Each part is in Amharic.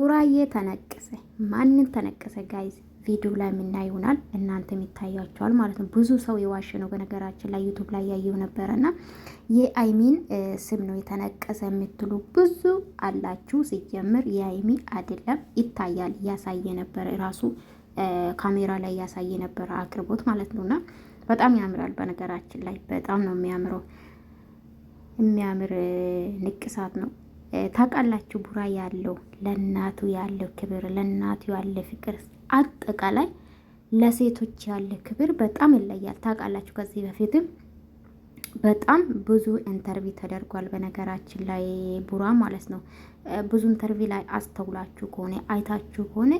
ቡራዬ ተነቀሰ። ማንን ተነቀሰ? ጋይዝ ቪዲዮ ላይ የምና ይሆናል እናንተ የሚታያቸዋል ማለት ነው። ብዙ ሰው የዋሸ ነው በነገራችን ላይ ዩቱብ ላይ ያየው ነበረ እና የአይሚን ስም ነው የተነቀሰ የምትሉ ብዙ አላችሁ። ሲጀምር የአይሚ አይደለም ይታያል። እያሳየ ነበረ ራሱ ካሜራ ላይ እያሳየ ነበረ አቅርቦት ማለት ነው እና በጣም ያምራል። በነገራችን ላይ በጣም ነው የሚያምረው። የሚያምር ንቅሳት ነው። ታውቃላችሁ ቡራ ያለው ለእናቱ ያለው ክብር፣ ለእናቱ ያለ ፍቅር፣ አጠቃላይ ለሴቶች ያለ ክብር በጣም ይለያል። ታውቃላችሁ ከዚህ በፊትም በጣም ብዙ ኢንተርቪው ተደርጓል። በነገራችን ላይ ቡራ ማለት ነው ብዙ ኢንተርቪው ላይ አስተውላችሁ ከሆነ አይታችሁ ከሆነ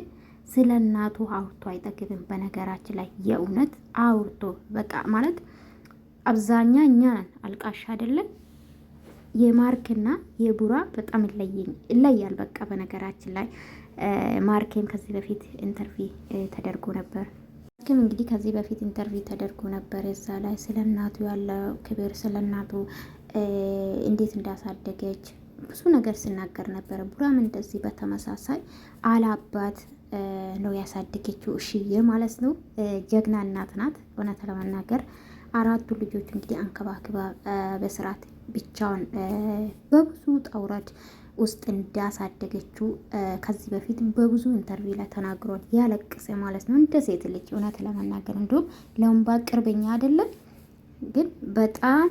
ስለ እናቱ አውርቶ አይጠግብም። በነገራችን ላይ የእውነት አውርቶ በቃ ማለት አብዛኛ እኛ ነን አልቃሻ አይደለም የማርክና የቡራ በጣም ይለያል። በቃ በነገራችን ላይ ማርኬን ከዚህ በፊት ኢንተርቪ ተደርጎ ነበር። ማርኬም እንግዲህ ከዚህ በፊት ኢንተርቪ ተደርጎ ነበር። እዛ ላይ ስለ እናቱ ያለው ክብር፣ ስለ እናቱ እንዴት እንዳሳደገች ብዙ ነገር ስናገር ነበር ቡራም እንደዚህ በተመሳሳይ አላባት ነው ያሳደገችው እሽዬ ማለት ነው። ጀግና እናት ናት እውነት ለመናገር አራቱ ልጆች እንግዲህ አንከባክባ በስርዓት ብቻውን በብዙ ጠውረድ ውስጥ እንዳሳደገችው ከዚህ በፊት በብዙ ኢንተርቪው ላይ ተናግሯል። ያለቅሰ ማለት ነው እንደ ሴት ልጅ እውነት ለመናገር እንዲሁም ለወንባ ቅርበኛ አይደለም ግን በጣም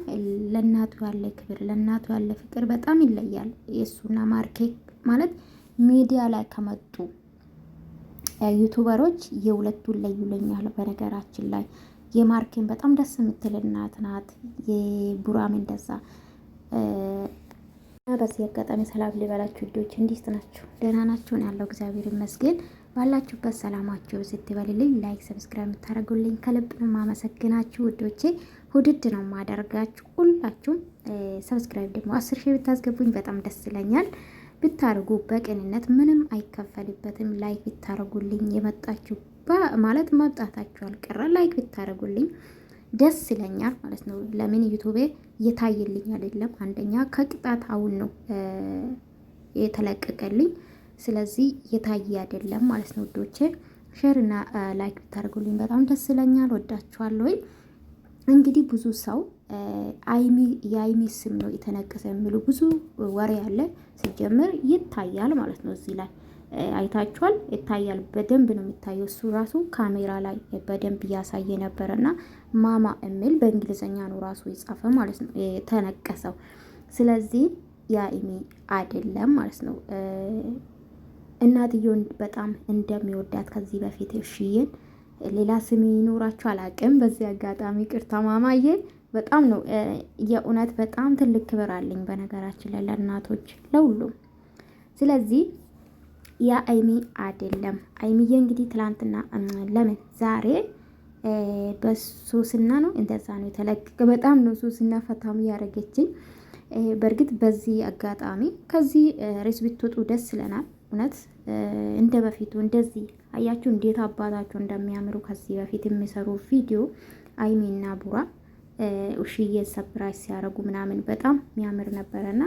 ለእናቱ ያለ ክብር ለእናቱ ያለ ፍቅር በጣም ይለያል። የእሱና ማርኬ ማለት ሚዲያ ላይ ከመጡ ዩቱበሮች የሁለቱን ለዩለኛል። በነገራችን ላይ የማርኬን በጣም ደስ የምትል እናት ናት። የቡራም እንደዛ። በዚህ አጋጣሚ ሰላም ሊበላችሁ ውዶች፣ እንዴት ናችሁ? ደህና ናችሁን? ያለው እግዚአብሔር ይመስገን። ባላችሁበት ሰላማችሁ ስትበልልኝ፣ ላይክ ሰብስክራይብ የምታደርጉልኝ ከልብ ነው የማመሰግናችሁ ውዶቼ። ውድድ ነው የማደርጋችሁ ሁላችሁም። ሰብስክራይብ ደግሞ አስር ሺህ ብታስገቡኝ በጣም ደስ ይለኛል። ብታደርጉ በቅንነት ምንም አይከፈልበትም። ላይክ ብታረጉልኝ የመጣችሁ ማለት መምጣታችሁ አልቀረ ላይክ ብታረጉልኝ ደስ ይለኛል ማለት ነው። ለምን ዩቱቤ እየታየልኝ አይደለም? አንደኛ ከቅጣት አሁን ነው የተለቀቀልኝ። ስለዚህ እየታየ አይደለም ማለት ነው። ውዶቼ ሼር እና ላይክ ብታደርጉልኝ በጣም ደስ ይለኛል። ወዳችኋለሁ። እንግዲህ ብዙ ሰው አይሚ የአይሚ ስም ነው የተነቀሰ የሚሉ ብዙ ወሬ አለ። ሲጀምር ይታያል ማለት ነው። እዚህ ላይ አይታችኋል፣ ይታያል። በደንብ ነው የሚታየው። እሱ ራሱ ካሜራ ላይ በደንብ እያሳየ ነበረ እና ማማ የሚል በእንግሊዝኛ ነው ራሱ የጻፈ ማለት ነው የተነቀሰው። ስለዚህ የአይሚ አይደለም ማለት ነው። እናትየውን በጣም እንደሚወዳት ከዚህ በፊት እሽዬን ሌላ ስም ይኖራቸው አላቅም። በዚህ አጋጣሚ ቅርታ ማማዬ በጣም ነው የእውነት በጣም ትልቅ ክብር አለኝ በነገራችን ላይ ለእናቶች ለሁሉም። ስለዚህ ያ አይሚ አይደለም አይሚዬ እንግዲህ ትላንትና ለምን ዛሬ በሱስና ነው እንደዛ ነው የተለቀቀ። በጣም ነው ሱስና ፈታሙ ያደረገችኝ። በእርግጥ በዚህ አጋጣሚ ከዚህ ሬስ ብትወጡ ደስ ይለናል። እውነት እንደ በፊቱ እንደዚህ አያችሁ እንዴት አባታቸው እንደሚያምሩ ከዚህ በፊት የሚሰሩ ቪዲዮ አይሚና ቡራ ውሽዬ ሰፕራይዝ ሲያደርጉ ምናምን በጣም የሚያምር ነበረና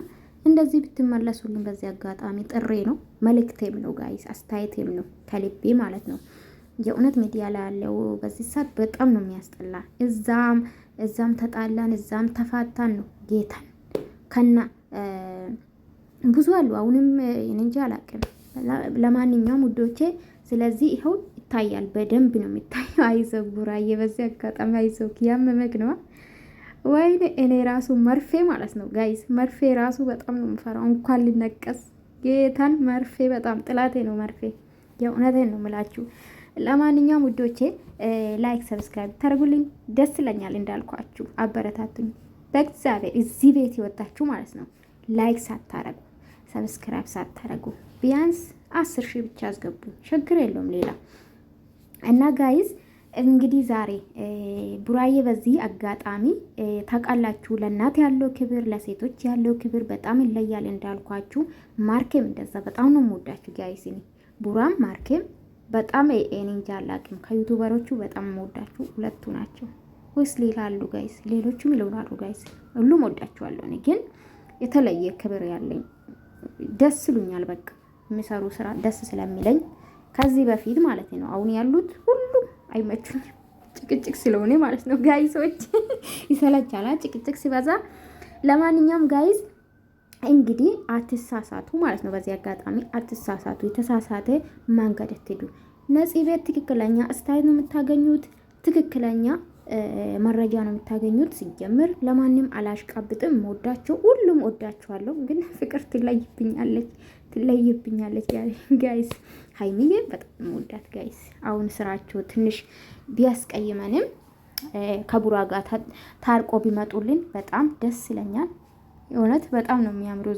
እንደዚህ ብትመለሱልን በዚህ አጋጣሚ ጥሬ ነው፣ መልእክቴም ነው፣ ጋይስ አስተያየቴም ነው፣ ከልቤ ማለት ነው። የእውነት ሚዲያ ላይ ያለው በዚህ ሰዓት በጣም ነው የሚያስጠላ። እዛም እዛም ተጣላን፣ እዛም ተፋታን ነው ጌታን ከና ብዙ አሉ። አሁንም እንጂ አላቅም። ለማንኛውም ውዶቼ፣ ስለዚህ ይኸው ይታያል፣ በደንብ ነው የሚታየው። አይዞህ ጉራዬ፣ በዚህ አጋጣሚ አይዞህ፣ ያመመክ ነዋ። ወይኔ እኔ ራሱ መርፌ ማለት ነው ጋይስ፣ መርፌ ራሱ በጣም ነው የምፈራው። እንኳን ልነቀስ ጌታን መርፌ በጣም ጥላቴ ነው መርፌ። የእውነቴን ነው ምላችሁ። ለማንኛውም ውዶቼ ላይክ፣ ሰብስክራይብ ተርጉልኝ፣ ደስ ይለኛል። እንዳልኳችሁ አበረታቱኝ። በእግዚአብሔር እዚህ ቤት የወጣችሁ ማለት ነው ላይክ ሳታረጉ ሰብስክራይብ ሳታረጉ ቢያንስ አስር ሺህ ብቻ አስገቡ ችግር የለውም ሌላ እና ጋይዝ እንግዲህ ዛሬ ቡራዬ በዚህ አጋጣሚ ታውቃላችሁ፣ ለእናት ያለው ክብር፣ ለሴቶች ያለው ክብር በጣም ይለያል። እንዳልኳችሁ ማርኬም እንደዛ በጣም ነው የምወዳችሁ ጋይስ። ቡራም ማርኬም በጣም እኔ እንጃ አላውቅም፣ ከዩቱበሮቹ በጣም የምወዳችሁ ሁለቱ ናቸው ወይስ ሌላ አሉ ጋይስ? ሌሎቹም ይለውናሉ ጋይስ። ሁሉም ወዳችኋለሁ፣ እኔ ግን የተለየ ክብር ያለኝ ደስ ይሉኛል። በቃ የሚሰሩ ስራ ደስ ስለሚለኝ ከዚህ በፊት ማለት ነው አሁን ያሉት ሁሉም አይመቹኝም። ጭቅጭቅ ስለሆነ ማለት ነው ጋይሶች ሰዎች ጭቅጭቅ ሲበዛ። ለማንኛውም ጋይዝ እንግዲህ አትሳሳቱ ማለት ነው። በዚህ አጋጣሚ አትሳሳቱ፣ የተሳሳተ መንገድ አትሄዱ። ነፂ ቤት ትክክለኛ እስታይል ነው የምታገኙት፣ ትክክለኛ መረጃ ነው የምታገኙት። ሲጀምር ለማንም አላሽቃብጥም፣ ወዳቸው ሁሉም ወዳቸዋለሁ፣ ግን ፍቅር ትለይብኛለች፣ ትለይብኛለች ጋይስ ሀይሚዬ በጣም ወዳት ጋይስ። አሁን ስራቸው ትንሽ ቢያስቀይመንም ከቡራ ጋር ታርቆ ቢመጡልን በጣም ደስ ይለኛል። እውነት በጣም ነው የሚያምረው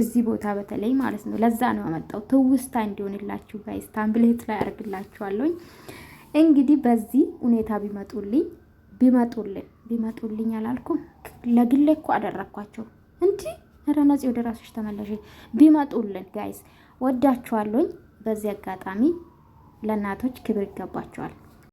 እዚህ ቦታ በተለይ ማለት ነው። ለዛ ነው ያመጣው ትውስታ እንዲሆንላችሁ ጋይስ። ታምብልህት ላይ አርግላችኋለሁኝ። እንግዲህ በዚህ ሁኔታ ቢመጡልኝ ቢመጡልን ቢመጡልኝ አላልኩም፣ ለግሌ እኮ አደረግኳቸው እንዲህ ረነጽ ወደ ራሶች ተመለሽ። ቢመጡልን ጋይስ ወዳችኋለኝ። በዚህ አጋጣሚ ለእናቶች ክብር ይገባቸዋል።